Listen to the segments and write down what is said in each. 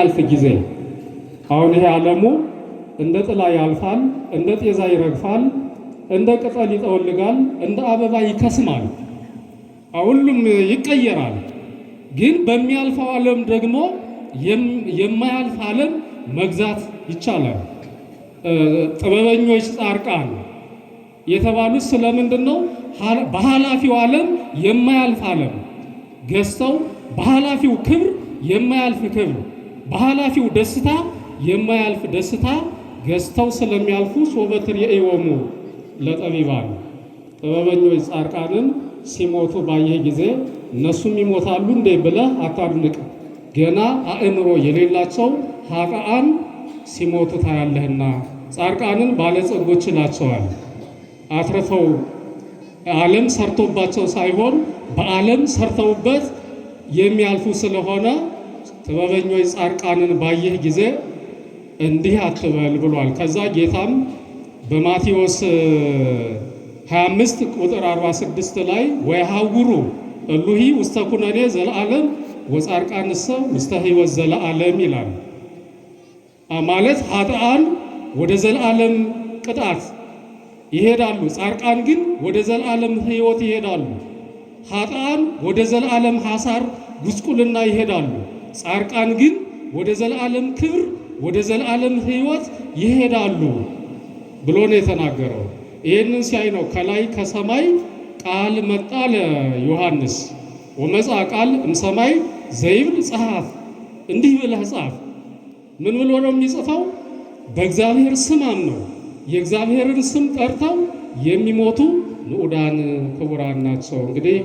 ያልፍ ጊዜ አሁን ይሄ ዓለሙ እንደ ጥላ ያልፋል፣ እንደ ጤዛ ይረግፋል፣ እንደ ቅጠል ይጠወልጋል፣ እንደ አበባ ይከስማል። ሁሉም ይቀየራል። ግን በሚያልፈው ዓለም ደግሞ የማያልፍ ዓለም መግዛት ይቻላል። ጥበበኞች ጻርቃን የተባሉት ስለምንድን ነው? በኃላፊው ዓለም የማያልፍ ዓለም ገዝተው በኃላፊው ክብር የማያልፍ ክብር በኃላፊው ደስታ የማያልፍ ደስታ ገዝተው ስለሚያልፉ ሶበትር የኢወሙ ለጠቢባን ጥበበኞች ጻርቃንን ሲሞቱ ባየህ ጊዜ እነሱም ይሞታሉ እንዴ ብለህ አታድንቅ። ገና አእምሮ የሌላቸው ሀቃአን ሲሞቱ ታያለህና። ጻርቃንን ባለጸጎች ናቸዋል። አትርፈው ዓለም ሰርቶባቸው ሳይሆን በዓለም ሰርተውበት የሚያልፉ ስለሆነ ጥበበኞች ጻድቃንን ባየህ ጊዜ እንዲህ አትበል ብሏል። ከዛ ጌታም በማቴዎስ 25 ቁጥር 46 ላይ ወይሃውሩ እሉሂ ውስተ ኩነኔ ዘለዓለም ወጻድቃንሰ ውስተ ሕይወት ዘለዓለም ይላል። ማለት ኃጥአን ወደ ዘለዓለም ቅጣት ይሄዳሉ፣ ጻድቃን ግን ወደ ዘለዓለም ሕይወት ይሄዳሉ። ኃጥአን ወደ ዘለዓለም ሐሳር ጉስቁልና ይሄዳሉ። ጻርቃን ግን ወደ ዘላለም ክብር ወደ ዘላለም ሕይወት ይሄዳሉ ብሎ ነው የተናገረው። ይህንን ሲያይ ነው ከላይ ከሰማይ ቃል መጣ ለዮሐንስ ወመጻ ቃል እምሰማይ ዘይብል ጸሐፍ፣ እንዲህ ብለህ ጻፍ። ምን ብሎ ነው የሚጽፈው? በእግዚአብሔር ስም አምነው የእግዚአብሔርን ስም ጠርተው የሚሞቱ ንዑዳን ክቡራን ናቸው። እንግዲህ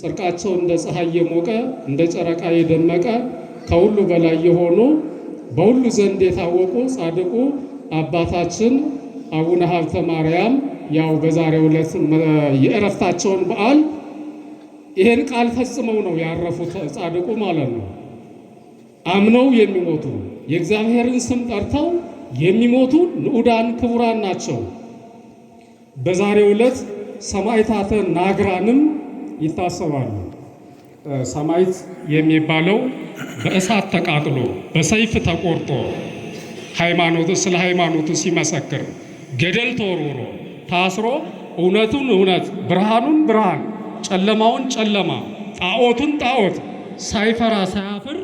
ጽድቃቸው እንደ ፀሐይ የሞቀ እንደ ጨረቃ የደመቀ ከሁሉ በላይ የሆኑ በሁሉ ዘንድ የታወቁ ጻድቁ አባታችን አቡነ ሀብተ ማርያም ያው በዛሬው ዕለት የእረፍታቸውን በዓል ይህን ቃል ፈጽመው ነው ያረፉት። ጻድቁ ማለት ነው አምነው የሚሞቱ የእግዚአብሔርን ስም ጠርተው የሚሞቱ ንዑዳን ክቡራን ናቸው። በዛሬው ዕለት ሰማዕታተ ናግራንም ይታሰባሉ። ሰማዕት የሚባለው በእሳት ተቃጥሎ በሰይፍ ተቆርጦ ሃይማኖቱ ስለ ሃይማኖቱ ሲመሰክር ገደል ተወርውሮ ታስሮ እውነቱን እውነት ብርሃኑን ብርሃን ጨለማውን ጨለማ ጣዖቱን ጣዖት ሳይፈራ ሳያፍር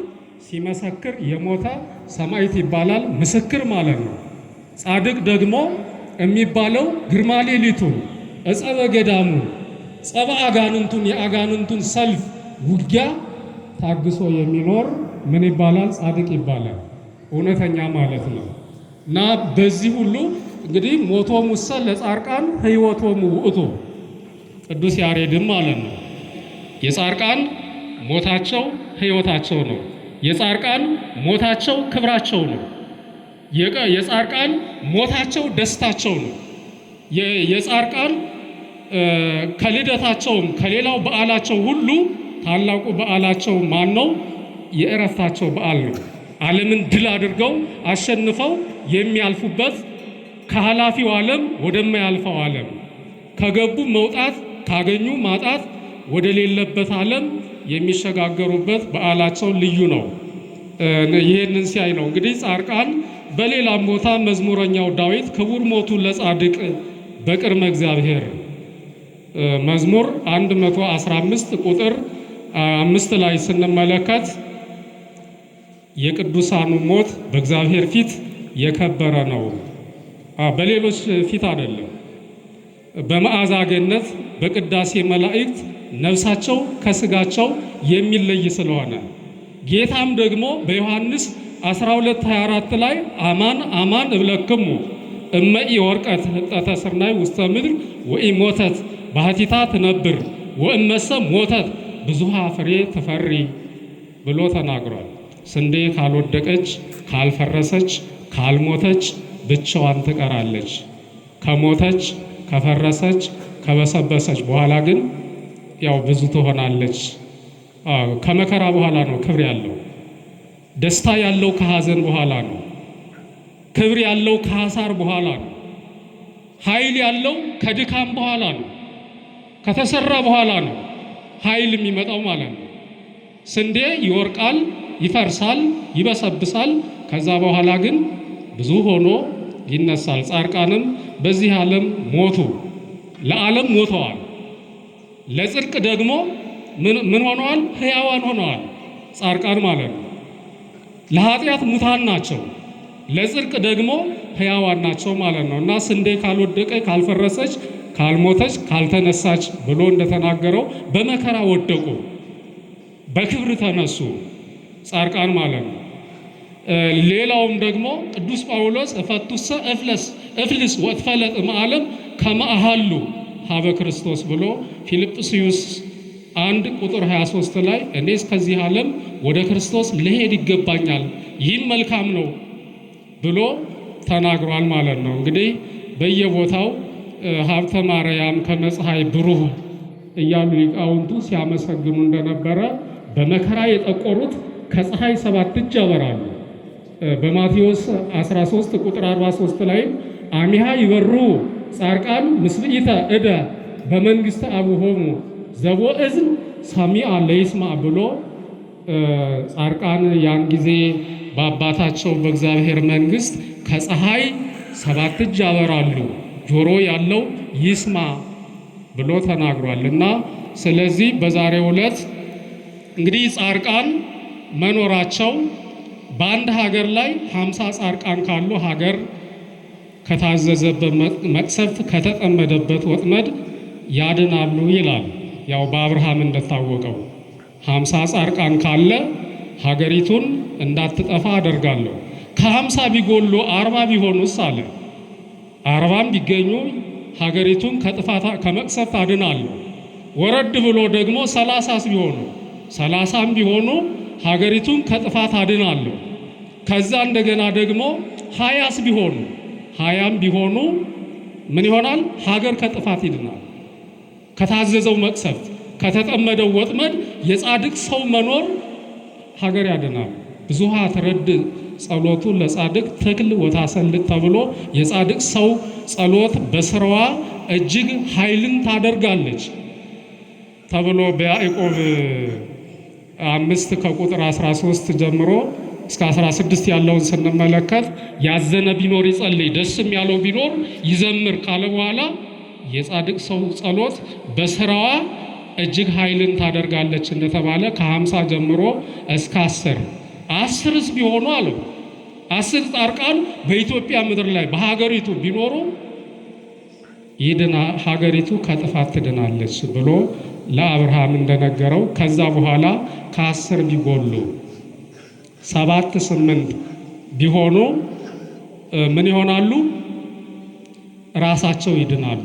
ሲመሰክር የሞተ ሰማዕት ይባላል። ምስክር ማለት ነው። ጻድቅ ደግሞ የሚባለው ግርማ ሌሊቱን እጸበ ገዳሙን ጸበ አጋንንቱን የአጋንንቱን ሰልፍ ውጊያ ታግሶ የሚኖር ምን ይባላል? ጻድቅ ይባላል። እውነተኛ ማለት ነው። እና በዚህ ሁሉ እንግዲህ ሞቶ ሙሰ ለጻርቃን ህይወቶሙ ውእቱ ቅዱስ ያሬድም ማለት ነው። የጻርቃን ሞታቸው ህይወታቸው ነው። የጻርቃን ሞታቸው ክብራቸው ነው። የጻርቃን ሞታቸው ደስታቸው ነው። የጻርቃን ከልደታቸውም ከሌላው በዓላቸው ሁሉ ታላቁ በዓላቸው ማን ነው? የእረፍታቸው በዓል ነው። ዓለምን ድል አድርገው አሸንፈው የሚያልፉበት ከኃላፊው ዓለም ወደማያልፈው ዓለም ከገቡ መውጣት ካገኙ ማጣት ወደሌለበት ዓለም የሚሸጋገሩበት በዓላቸው ልዩ ነው። ይህንን ሲያይ ነው እንግዲህ ጻድቃን በሌላም ቦታ መዝሙረኛው ዳዊት ክቡር ሞቱ ለጻድቅ በቅድመ እግዚአብሔር መዝሙር 115 ቁጥር አምስት ላይ ስንመለከት የቅዱሳኑ ሞት በእግዚአብሔር ፊት የከበረ ነው፣ በሌሎች ፊት አይደለም። በመዓዛ ገነት በቅዳሴ መላእክት ነፍሳቸው ከስጋቸው የሚለይ ስለሆነ ጌታም ደግሞ በዮሐንስ 12:24 ላይ አማን አማን እብለክሙ እመ ወርቀት ህጠተ ስርናይ ውስተ ምድር ሞተት ባህቲታ ትነብር ወእመሰ ሞተት ብዙሃ ፍሬ ትፈሪ ብሎ ተናግሯል። ስንዴ ካልወደቀች፣ ካልፈረሰች፣ ካልሞተች ብቻዋን ትቀራለች። ከሞተች፣ ከፈረሰች፣ ከበሰበሰች በኋላ ግን ያው ብዙ ትሆናለች። ከመከራ በኋላ ነው ክብር ያለው። ደስታ ያለው ከሐዘን በኋላ ነው። ክብር ያለው ከሐሳር በኋላ ነው። ኃይል ያለው ከድካም በኋላ ነው። ከተሰራ በኋላ ነው። ኃይል የሚመጣው ማለት ነው። ስንዴ ይወርቃል፣ ይፈርሳል፣ ይበሰብሳል። ከዛ በኋላ ግን ብዙ ሆኖ ይነሳል። ጻድቃንም በዚህ ዓለም ሞቱ፣ ለዓለም ሞተዋል። ለጽድቅ ደግሞ ምን ሆነዋል? ሕያዋን ሆነዋል። ጻድቃን ማለት ነው። ለኃጢአት ሙታን ናቸው፣ ለጽድቅ ደግሞ ሕያዋን ናቸው ማለት ነው እና ስንዴ ካልወደቀ ካልፈረሰች ካልሞተች ካልተነሳች ብሎ እንደተናገረው በመከራ ወደቁ፣ በክብር ተነሱ ጻድቃን ማለት ነው። ሌላውም ደግሞ ቅዱስ ጳውሎስ እፈቱሰ እፍለስ እፍልስ ወትፈለጥ እምዓለም ከማአሃሉ ሀበ ክርስቶስ ብሎ ፊልጵስዩስ አንድ ቁጥር 23 ላይ እኔ እስከዚህ ዓለም ወደ ክርስቶስ ልሄድ ይገባኛል፣ ይህም መልካም ነው ብሎ ተናግሯል ማለት ነው። እንግዲህ በየቦታው ሀብተ ማርያም ከመጽሐይ ብሩህ እያሉ ሊቃውንቱ ሲያመሰግኑ እንደነበረ በመከራ የጠቆሩት ከፀሐይ ሰባት እጅ ያበራሉ። በማቴዎስ 13 ቁጥር 43 ላይ አሚሃ ይበሩ ጻርቃን ምስብኢተ እደ በመንግሥተ አቡሆሙ ዘቦ እዝን ሰሚአ ለይስማ ብሎ ጻርቃን ያን ጊዜ በአባታቸው በእግዚአብሔር መንግሥት ከፀሐይ ሰባት እጅ ያበራሉ። ጆሮ ያለው ይስማ ብሎ ተናግሯል እና ስለዚህ በዛሬው ዕለት እንግዲህ ጻርቃን መኖራቸው በአንድ ሀገር ላይ ሀምሳ ጻርቃን ካሉ ሀገር ከታዘዘበት መቅሰፍት ከተጠመደበት ወጥመድ ያድናሉ ይላል። ያው በአብርሃም እንደታወቀው ሀምሳ ጻርቃን ካለ ሀገሪቱን እንዳትጠፋ አደርጋለሁ። ከሀምሳ ቢጎሉ አርባ ቢሆኑስ አለ አርባም ቢገኙ ሀገሪቱን ከጥፋት ከመቅሰፍት አድናለሁ። ወረድ ብሎ ደግሞ ሰላሳ ቢሆኑ ሰላሳም ቢሆኑ ሀገሪቱን ከጥፋት አድናለሁ። ከዛ እንደገና ደግሞ ሀያስ ቢሆኑ ሀያም ቢሆኑ ምን ይሆናል? ሀገር ከጥፋት ይድናል። ከታዘዘው መቅሰፍት፣ ከተጠመደው ወጥመድ የጻድቅ ሰው መኖር ሀገር ያድናል። ብዙሃ ተረድ ጸሎቱ ለጻድቅ ተክል ወታሰልጥ ተብሎ የጻድቅ ሰው ጸሎት በስራዋ እጅግ ኃይልን ታደርጋለች ተብሎ በያዕቆብ አምስት ከቁጥር 13 ጀምሮ እስከ 16 ያለውን ስንመለከት ያዘነ ቢኖር ይጸልይ፣ ደስም ያለው ቢኖር ይዘምር ካለ በኋላ የጻድቅ ሰው ጸሎት በስራዋ እጅግ ኃይልን ታደርጋለች እንደተባለ ከ50 ጀምሮ እስከ 10 አስርስ ቢሆኑ አለ አስር ጻድቃን በኢትዮጵያ ምድር ላይ በሀገሪቱ ቢኖሩ ይድና ሀገሪቱ ከጥፋት ትድናለች ብሎ ለአብርሃም እንደነገረው ከዛ በኋላ ከአስር ቢጎሉ ሰባት ስምንት ቢሆኑ ምን ይሆናሉ? ራሳቸው ይድናሉ።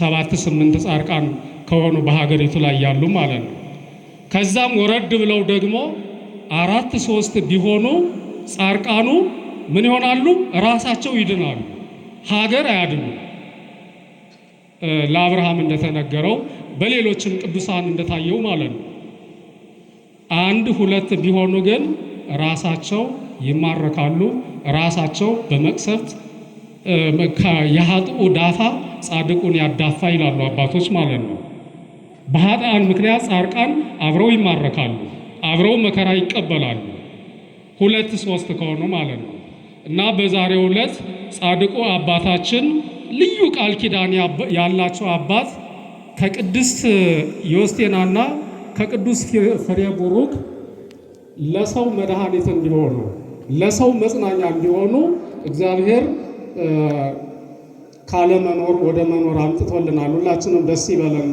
ሰባት ስምንት ጻድቃን ከሆኑ በሀገሪቱ ላይ ያሉ ማለት ነው። ከዛም ወረድ ብለው ደግሞ አራት ሶስት ቢሆኑ ጻርቃኑ ምን ይሆናሉ? ራሳቸው ይድናሉ፣ ሀገር አያድኑ። ለአብርሃም እንደተነገረው በሌሎችም ቅዱሳን እንደታየው ማለት ነው። አንድ ሁለት ቢሆኑ ግን ራሳቸው ይማረካሉ። ራሳቸው በመቅሰፍት የኃጥኡ ዳፋ ጻድቁን ያዳፋ ይላሉ አባቶች ማለት ነው። በኃጥአን ምክንያት ጻድቃን አብረው ይማረካሉ። አብረው መከራ ይቀበላሉ። ሁለት ሶስት ከሆኑ ማለት ነው። እና በዛሬው ዕለት ጻድቁ አባታችን ልዩ ቃል ኪዳን ያላቸው አባት ከቅድስት ዮስቴናና ከቅዱስ ፍሬ ቡሩክ ለሰው መድኃኒት እንዲሆኑ ለሰው መጽናኛ እንዲሆኑ እግዚአብሔር ካለመኖር ወደ መኖር አምጥቶልናል። ሁላችንም ደስ ይበለን።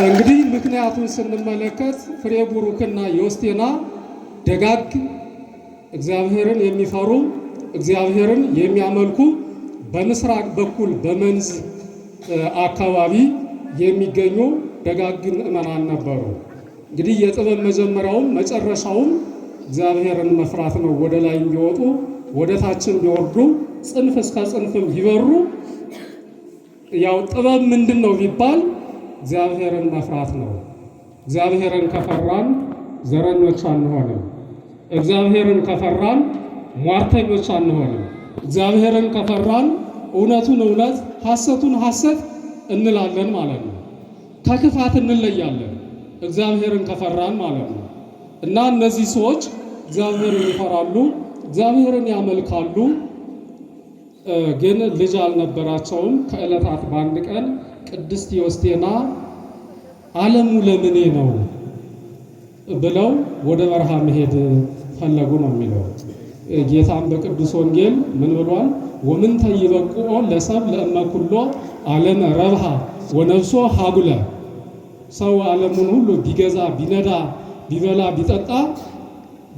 እንግዲህ ምክንያቱን ስንመለከት ፍሬ ቡሩክና ዮስቴና ደጋግ እግዚአብሔርን የሚፈሩ እግዚአብሔርን የሚያመልኩ በምስራቅ በኩል በመንዝ አካባቢ የሚገኙ ደጋግ ምዕመናን ነበሩ። እንግዲህ የጥበብ መጀመሪያውም መጨረሻውም እግዚአብሔርን መፍራት ነው። ወደ ላይ እንዲወጡ ወደ ታችን እንዲወርዱ ጽንፍ እስከ ጽንፍም ይበሩ። ያው ጥበብ ምንድን ነው ቢባል እግዚአብሔርን መፍራት ነው። እግዚአብሔርን ከፈራን ዘረኞች አንሆንም። እግዚአብሔርን ከፈራን ሟርተኞች አንሆንም። እግዚአብሔርን ከፈራን እውነቱን እውነት ሐሰቱን ሐሰት እንላለን ማለት ነው። ከክፋት እንለያለን እግዚአብሔርን ከፈራን ማለት ነው። እና እነዚህ ሰዎች እግዚአብሔርን ይፈራሉ፣ እግዚአብሔርን ያመልካሉ፣ ግን ልጅ አልነበራቸውም። ከዕለታት በአንድ ቀን ቅድስት ዮስቴና ዓለሙ ለምኔ ነው ብለው ወደ በረሃ መሄድ ፈለጉ ነው የሚለው። ጌታም በቅዱስ ወንጌል ምን ብሏል? ወምንተ ይበቁኦ ለሰብ ለእመኩሎ ዓለመ ረብሃ ወነፍሶ ሀጉለ። ሰው ዓለሙን ሁሉ ቢገዛ ቢነዳ ቢበላ ቢጠጣ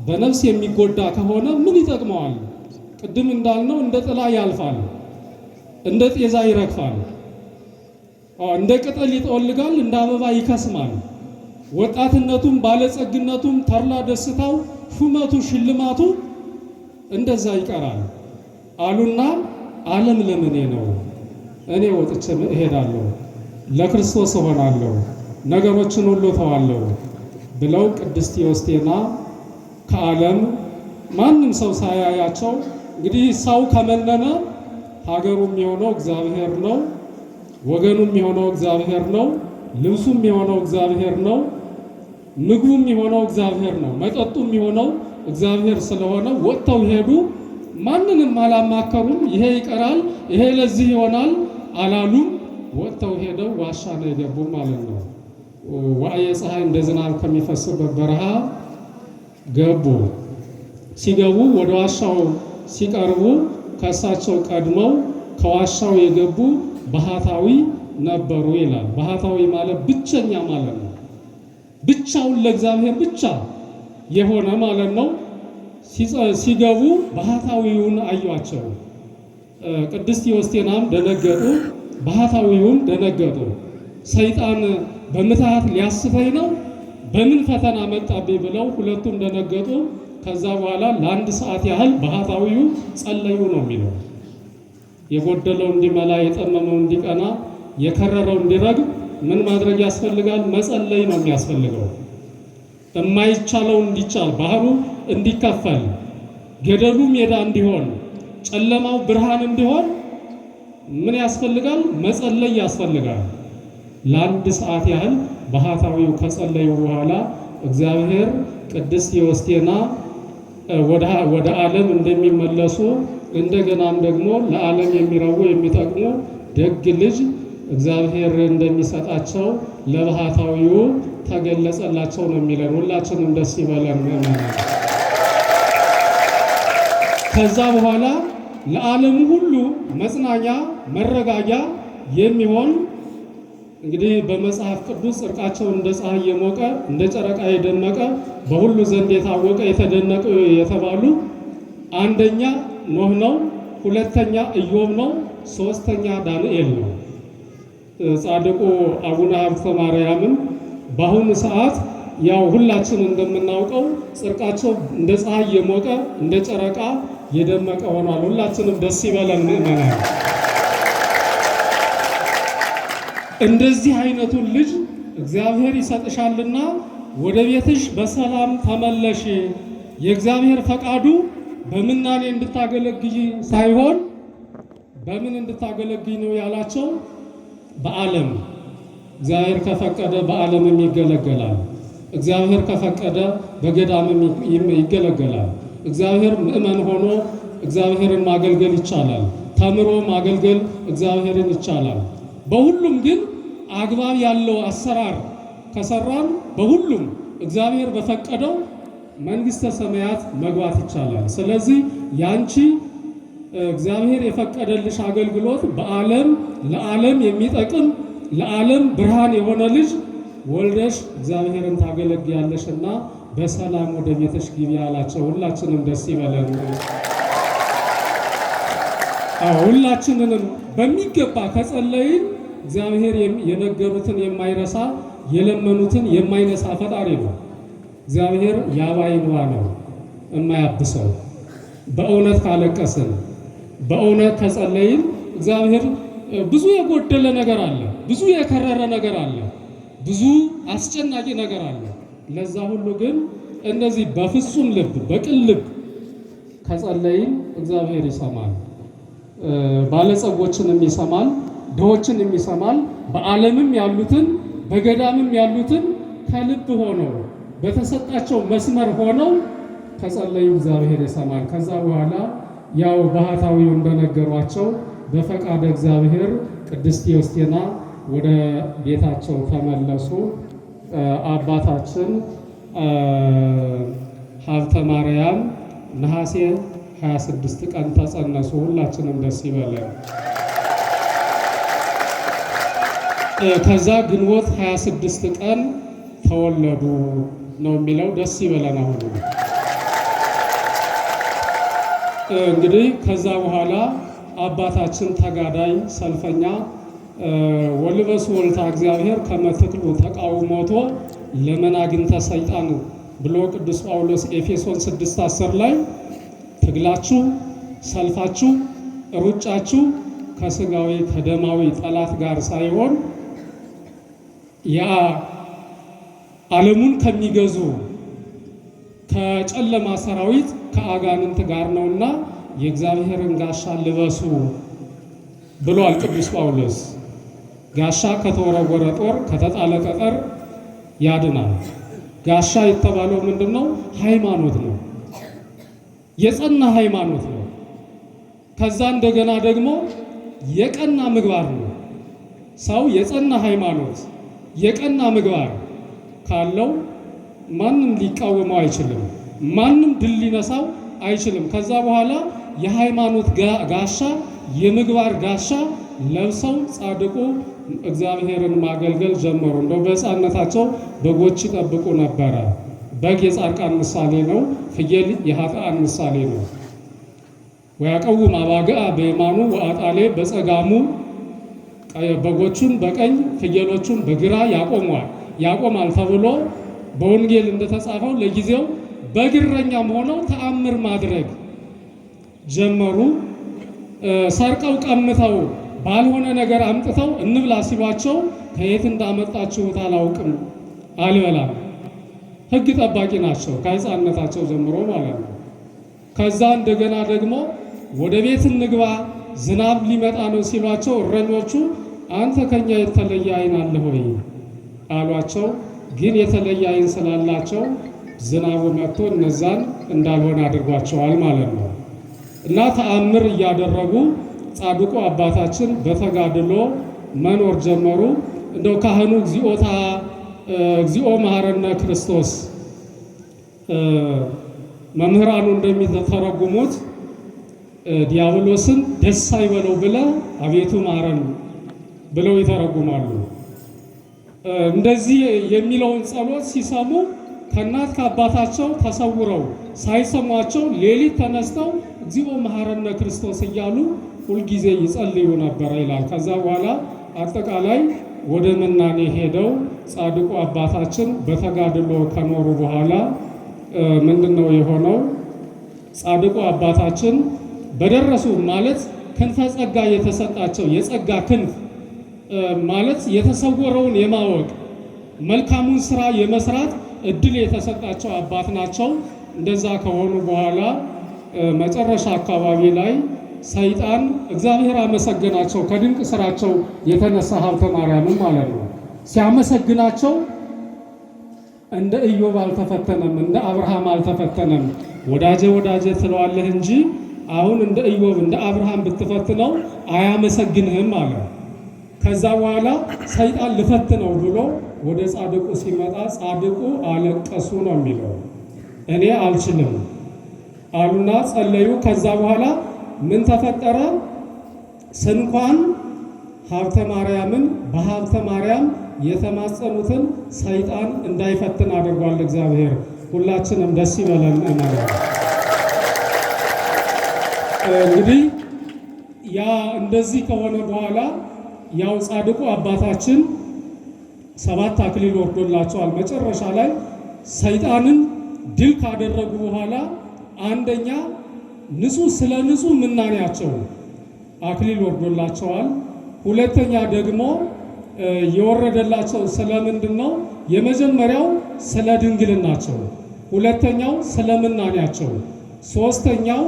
በነፍስ የሚጎዳ ከሆነ ምን ይጠቅመዋል? ቅድም እንዳልነው እንደ ጥላ ያልፋል፣ እንደ ጤዛ ይረግፋል። እንደ ቅጠል ይጠወልጋል፣ እንደ አበባ ይከስማል። ወጣትነቱም ባለጸግነቱም ተርላ ደስታው ሹመቱ ሽልማቱ እንደዛ ይቀራል አሉና ዓለም ለምኔ ነው እኔ ወጥቼ እሄዳለሁ፣ ለክርስቶስ እሆናለሁ፣ ነገሮችን ሁሉ ተዋለሁ ብለው ቅድስት ዮስቴና ከዓለም ማንም ሰው ሳያያቸው እንግዲህ ሰው ከመነነ ሀገሩ የሚሆነው እግዚአብሔር ነው። ወገኑም የሆነው እግዚአብሔር ነው። ልብሱም የሆነው እግዚአብሔር ነው። ምግቡም የሆነው እግዚአብሔር ነው። መጠጡም የሆነው እግዚአብሔር ስለሆነ ወጥተው ሄዱ። ማንንም አላማከሩም። ይሄ ይቀራል፣ ይሄ ለዚህ ይሆናል አላሉም። ወጥተው ሄደው ዋሻ ነው የገቡ ማለት ነው። ዋዕየ ፀሐይ እንደ ዝናብ ከሚፈስበት በረሃ ገቡ። ሲገቡ ወደ ዋሻው ሲቀርቡ ከእሳቸው ቀድመው ከዋሻው የገቡ ባህታዊ ነበሩ ይላል። ባህታዊ ማለት ብቸኛ ማለት ነው። ብቻውን ለእግዚአብሔር ብቻ የሆነ ማለት ነው። ሲገቡ ባህታዊውን አዩአቸው። ቅድስት ዮስቴናም ደነገጡ፣ ባህታዊውም ደነገጡ። ሰይጣን በምትሃት ሊያስፈኝ ነው፣ በምን ፈተና መጣብኝ ብለው ሁለቱም ደነገጡ። ከዛ በኋላ ለአንድ ሰዓት ያህል ባህታዊው ጸለዩ ነው የሚለው የጎደለው እንዲመላ፣ የጠመመው እንዲቀና፣ የከረረው እንዲረግ ምን ማድረግ ያስፈልጋል? መጸለይ ነው የሚያስፈልገው። የማይቻለው እንዲቻል፣ ባህሩ እንዲከፈል፣ ገደሉ ሜዳ እንዲሆን፣ ጨለማው ብርሃን እንዲሆን ምን ያስፈልጋል? መጸለይ ያስፈልጋል። ለአንድ ሰዓት ያህል ባህታዊው ከጸለዩ በኋላ እግዚአብሔር ቅድስት የወስቴና ወደ ዓለም እንደሚመለሱ እንደገናም ደግሞ ለዓለም የሚረቡ የሚጠቅሙ ደግ ልጅ እግዚአብሔር እንደሚሰጣቸው ለባህታዊው ተገለጸላቸው ነው የሚለን። ሁላችንም ደስ ይበለን። ከዛ በኋላ ለዓለም ሁሉ መጽናኛ መረጋጋ የሚሆን እንግዲህ በመጽሐፍ ቅዱስ ጽድቃቸው እንደ ፀሐይ የሞቀ እንደ ጨረቃ የደመቀ በሁሉ ዘንድ የታወቀ የተደነቀ የተባሉ አንደኛ ኖህ ነው። ሁለተኛ ኢዮብ ነው። ሶስተኛ ዳንኤል ነው። ጻድቁ አቡነ ሀብተ ማርያምም በአሁኑ ሰዓት ያው ሁላችን እንደምናውቀው ጽርቃቸው እንደ ፀሐይ የሞቀ እንደ ጨረቃ የደመቀ ሆኗል። ሁላችንም ደስ ይበለን ምእመናን። እንደዚህ አይነቱን ልጅ እግዚአብሔር ይሰጥሻልና ወደ ቤትሽ በሰላም ተመለሽ፣ የእግዚአብሔር ፈቃዱ በምናኔ እንድታገለግይ ሳይሆን በምን እንድታገለግይ ነው ያላቸው። በዓለም እግዚአብሔር ከፈቀደ በዓለምም ይገለገላል። እግዚአብሔር ከፈቀደ በገዳምም ይገለገላል። እግዚአብሔር ምእመን ሆኖ እግዚአብሔርን ማገልገል ይቻላል። ተምሮ ማገልገል እግዚአብሔርን ይቻላል። በሁሉም ግን አግባብ ያለው አሰራር ከሰራን በሁሉም እግዚአብሔር በፈቀደው መንግስተ ሰማያት መግባት ይቻላል። ስለዚህ ያንቺ እግዚአብሔር የፈቀደልሽ አገልግሎት በዓለም ለዓለም የሚጠቅም ለዓለም ብርሃን የሆነ ልጅ ወልደሽ እግዚአብሔርን ታገለግያለሽ እና በሰላም ወደ ቤተሽ ግቢ አላቸው። ሁላችንም ደስ ይበለን። ሁላችንንም በሚገባ ከጸለይን እግዚአብሔር የነገሩትን የማይረሳ የለመኑትን የማይነሳ ፈጣሪ ነው። እግዚአብሔር ያባይ ነው እማያብሰው። በእውነት ካለቀስን፣ በእውነት ከጸለይን እግዚአብሔር ብዙ የጎደለ ነገር አለ፣ ብዙ የከረረ ነገር አለ፣ ብዙ አስጨናቂ ነገር አለ። ለዛ ሁሉ ግን እነዚህ በፍጹም ልብ በቅን ልብ ከጸለይን እግዚአብሔር ይሰማል። ባለጸጎችንም ይሰማል፣ ድሆችንም ይሰማል። በዓለምም ያሉትን በገዳምም ያሉትን ከልብ ሆነው በተሰጣቸው መስመር ሆነው ከጸለዩ እግዚአብሔር ይሰማል። ከዛ በኋላ ያው ባህታዊው እንደነገሯቸው በፈቃደ እግዚአብሔር ቅድስት ዮስቴና ወደ ቤታቸው ተመለሱ። አባታችን ሀብተ ማርያም ነሐሴ 26 ቀን ተጸነሱ። ሁላችንም ደስ ይበለን። ከዛ ግንቦት 26 ቀን ተወለዱ። ነው የሚለው። ደስ ይበለን። እንግዲህ ከዛ በኋላ አባታችን ተጋዳይ ሰልፈኛ ወልበሱ ወልታ እግዚአብሔር ከመትክሉ ተቃውሞቶ ለመናግንተ ሰይጣን ብሎ ቅዱስ ጳውሎስ ኤፌሶን 6:10 ላይ ትግላችሁ፣ ሰልፋችሁ፣ ሩጫችሁ ከስጋዊ ከደማዊ ጠላት ጋር ሳይሆን ያ ዓለሙን ከሚገዙ ከጨለማ ሰራዊት ከአጋንንት ጋር ነውና የእግዚአብሔርን ጋሻ ልበሱ ብሏል ቅዱስ ጳውሎስ። ጋሻ ከተወረወረ ጦር ከተጣለ ጠጠር ያድናል። ጋሻ የተባለው ምንድን ነው? ሃይማኖት ነው። የጸና ሃይማኖት ነው። ከዛ እንደገና ደግሞ የቀና ምግባር ነው። ሰው የጸና ሃይማኖት፣ የቀና ምግባር ካለው ማንም ሊቃወመው አይችልም። ማንም ድል ሊነሳው አይችልም። ከዛ በኋላ የሃይማኖት ጋሻ፣ የምግባር ጋሻ ለብሰው ጻድቁ እግዚአብሔርን ማገልገል ጀመሩ። እንደው በሕፃንነታቸው በጎች ይጠብቁ ነበረ። በግ የጻድቃን ምሳሌ ነው። ፍየል የኃጥአን ምሳሌ ነው። ወያቀውም አባግአ በየማኑ ወአጣሌ በጸጋሙ በጎቹን በቀኝ ፍየሎቹን በግራ ያቆሟል። ያቆማል ተብሎ በወንጌል እንደተጻፈው ለጊዜው በግረኛም ሆነው ተአምር ማድረግ ጀመሩ። ሰርቀው ቀምተው ባልሆነ ነገር አምጥተው እንብላ ሲሏቸው ከየት እንዳመጣችሁት አላውቅም አልበላም። ሕግ ጠባቂ ናቸው ከሕፃንነታቸው ጀምሮ ማለት ነው። ከዛ እንደገና ደግሞ ወደ ቤት እንግባ ዝናብ ሊመጣ ነው ሲሏቸው እረኞቹ አንተ ከኛ የተለየ አይን አለ ወይ አሏቸው። ግን የተለየ አይን ስላላቸው ዝናቡ መጥቶ እነዛን እንዳልሆነ አድርጓቸዋል ማለት ነው እና ተአምር እያደረጉ ጻድቁ አባታችን በተጋድሎ መኖር ጀመሩ። እንደው ካህኑ እግዚኦታ እግዚኦ መሐረነ ክርስቶስ መምህራኑ እንደሚተረጉሙት ዲያብሎስን ደስ አይበለው ብለ አቤቱ ማረን ብለው ይተረጉማሉ። እንደዚህ የሚለውን ጸሎት ሲሰሙ ከእናት ከአባታቸው ተሰውረው ሳይሰሟቸው ሌሊት ተነስተው እግዚኦ መሐረነ ክርስቶስ እያሉ ሁልጊዜ ይጸልዩ ነበረ ይላል። ከዛ በኋላ አጠቃላይ ወደ ምናኔ ሄደው ጻድቁ አባታችን በተጋድሎ ከኖሩ በኋላ ምንድን ነው የሆነው? ጻድቁ አባታችን በደረሱ ማለት ክንፈ ጸጋ የተሰጣቸው የጸጋ ክንፍ ማለት የተሰወረውን የማወቅ መልካሙን ስራ የመስራት እድል የተሰጣቸው አባት ናቸው። እንደዛ ከሆኑ በኋላ መጨረሻ አካባቢ ላይ ሰይጣን እግዚአብሔር አመሰገናቸው ከድንቅ ስራቸው የተነሳ ሀብተ ማርያምን ማለት ነው። ሲያመሰግናቸው እንደ ኢዮብ አልተፈተነም፣ እንደ አብርሃም አልተፈተነም። ወዳጄ ወዳጄ ትለዋለህ እንጂ አሁን እንደ ኢዮብ እንደ አብርሃም ብትፈትነው አያመሰግንህም አለ። ከዛ በኋላ ሰይጣን ልፈትነው ብሎ ወደ ጻድቁ ሲመጣ ጻድቁ አለቀሱ ነው የሚለው። እኔ አልችልም አሉና ጸለዩ። ከዛ በኋላ ምን ተፈጠረ? ስንኳን ሀብተ ማርያምን በሀብተ ማርያም የተማጸኑትን ሰይጣን እንዳይፈትን አድርጓል እግዚአብሔር። ሁላችንም ደስ ይበለን። እንግዲህ ያ እንደዚህ ከሆነ በኋላ ያው ጻድቁ አባታችን ሰባት አክሊል ወርዶላቸዋል። መጨረሻ ላይ ሰይጣንን ድል ካደረጉ በኋላ አንደኛ ንጹህ ስለ ንጹህ ምናኔያቸው አክሊል ወርዶላቸዋል። ሁለተኛ ደግሞ የወረደላቸው ስለምንድን ነው? የመጀመሪያው ስለ ድንግልናቸው፣ ሁለተኛው ስለ ምናኔያቸው፣ ሶስተኛው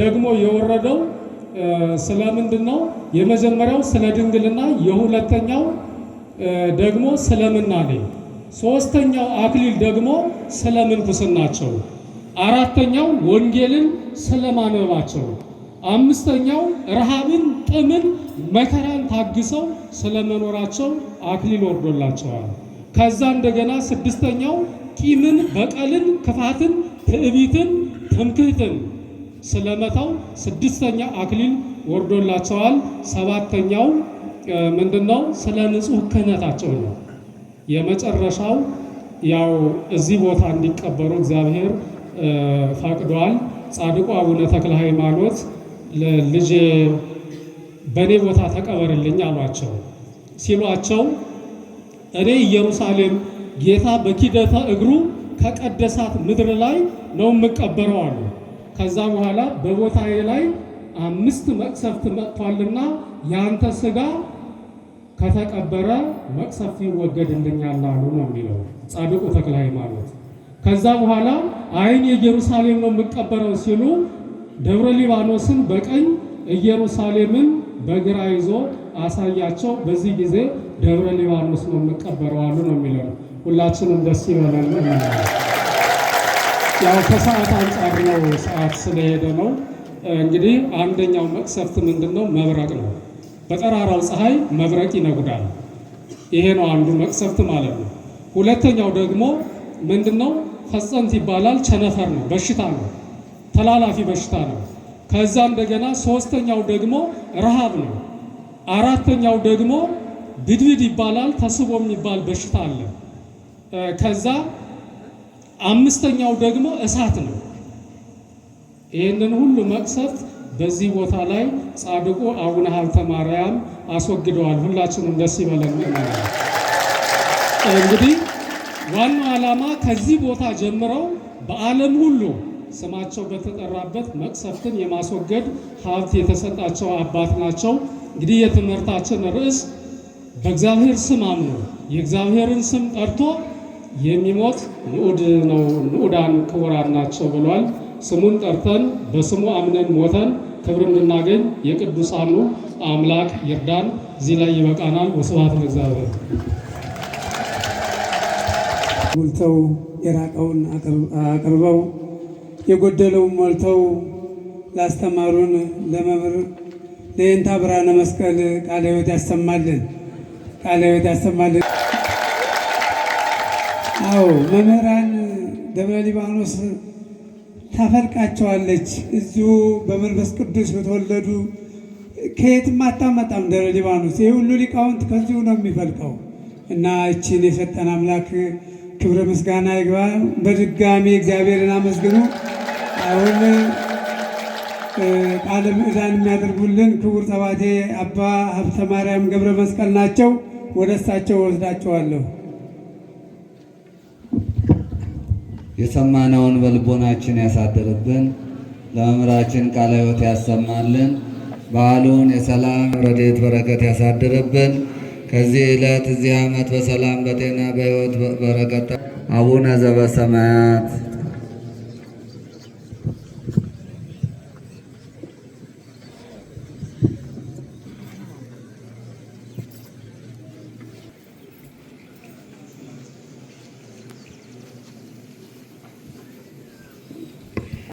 ደግሞ የወረደው ስለምንድን ነው? የመጀመሪያው ስለ ድንግልና፣ የሁለተኛው ደግሞ ስለ ምናኔ፣ ሶስተኛው አክሊል ደግሞ ስለ ምንኩስናቸው፣ አራተኛው ወንጌልን ስለ ማንበባቸው፣ አምስተኛው ረሃብን፣ ጥምን፣ መከራን ታግሰው ስለመኖራቸው አክሊል ወርዶላቸዋል። ከዛ እንደገና ስድስተኛው ቂምን፣ በቀልን፣ ክፋትን፣ ትዕቢትን፣ ትምክህትን ስለመታው ስድስተኛ አክሊል ወርዶላቸዋል። ሰባተኛው ምንድነው? ስለ ንጹህ ክህነታቸው ነው። የመጨረሻው ያው እዚህ ቦታ እንዲቀበሩ እግዚአብሔር ፈቅዷል። ጻድቁ አቡነ ተክለ ሃይማኖት ልጅ በእኔ ቦታ ተቀበርልኝ አሏቸው። ሲሏቸው እኔ ኢየሩሳሌም ጌታ በኪደተ እግሩ ከቀደሳት ምድር ላይ ነው የምቀበረው አሉ። ከዛ በኋላ በቦታዬ ላይ አምስት መቅሰፍት መጥቷልና ያንተ ስጋ ከተቀበረ መቅሰፍት ይወገድልኛል አሉ ነው የሚለው ጻድቁ ተክለ ሃይማኖት። ከዛ በኋላ አይን የኢየሩሳሌም ነው የምቀበረው ሲሉ ደብረ ሊባኖስን በቀኝ ኢየሩሳሌምን በግራ ይዞ አሳያቸው። በዚህ ጊዜ ደብረ ሊባኖስ ነው የምቀበረው አሉ ነው የሚለው። ሁላችንም ደስ ይበለን። ያው ከሰዓት አንጻር ነው፣ ሰዓት ስለሄደ ነው። እንግዲህ አንደኛው መቅሰፍት ምንድን ነው? መብረቅ ነው። በጠራራው ፀሐይ መብረቅ ይነጉዳል። ይሄ ነው አንዱ መቅሰፍት ማለት ነው። ሁለተኛው ደግሞ ምንድን ነው? ፈጸንት ይባላል። ቸነፈር ነው፣ በሽታ ነው፣ ተላላፊ በሽታ ነው። ከዛ እንደገና ሶስተኛው ደግሞ ረሃብ ነው። አራተኛው ደግሞ ብድብድ ይባላል። ተስቦ የሚባል በሽታ አለ። ከዛ አምስተኛው ደግሞ እሳት ነው። ይህንን ሁሉ መቅሰፍት በዚህ ቦታ ላይ ጻድቁ አቡነ ሀብተ ማርያም አስወግደዋል። ሁላችንም ደስ ይበለን። እንግዲህ ዋናው ዓላማ ከዚህ ቦታ ጀምረው በዓለም ሁሉ ስማቸው በተጠራበት መቅሰፍትን የማስወገድ ሀብት የተሰጣቸው አባት ናቸው። እንግዲህ የትምህርታችን ርዕስ በእግዚአብሔር ስም አምኖ የእግዚአብሔርን ስም ጠርቶ የሚሞት ንዑድ ነው፣ ንዑዳን ክቡራን ናቸው ብሏል። ስሙን ጠርተን በስሙ አምነን ሞተን ክብር እንድናገኝ የቅዱሳኑ አምላክ ይርዳን። እዚህ ላይ ይበቃናል። ወስብሐት ለእግዚአብሔር። ሞልተው የራቀውን አቅርበው የጎደለውን ሞልተው ላስተማሩን ለመምህር ለይንታ ብርሃነ መስቀል ቃለ ሕይወት ያሰማልን፣ ቃለ ሕይወት ያሰማልን። አዎ መምህራን ደብረ ሊባኖስ ታፈልቃቸዋለች። እዚሁ በመንፈስ ቅዱስ በተወለዱ ከየትም አታመጣም ደብረ ሊባኖስ። ይህ ሁሉ ሊቃውንት ከዚሁ ነው የሚፈልቀው እና እችን የሰጠን አምላክ ክብረ ምስጋና ይግባ። በድጋሚ እግዚአብሔርን አመስግኑ። አሁን ቃለ ምዕዳን የሚያደርጉልን ክቡር ጠባቴ አባ ሀብተ ማርያም ገብረ መስቀል ናቸው። ወደ እሳቸው ወስዳቸዋለሁ። የሰማነውን በልቦናችን ያሳድርብን። ለመምህራችን ቃለ ሕይወት ያሰማልን። በዓሉን የሰላም ረድኤት በረከት ያሳድርብን። ከዚህ ዕለት እዚህ ዓመት በሰላም በጤና በሕይወት በረከት አቡነ ዘበሰማያት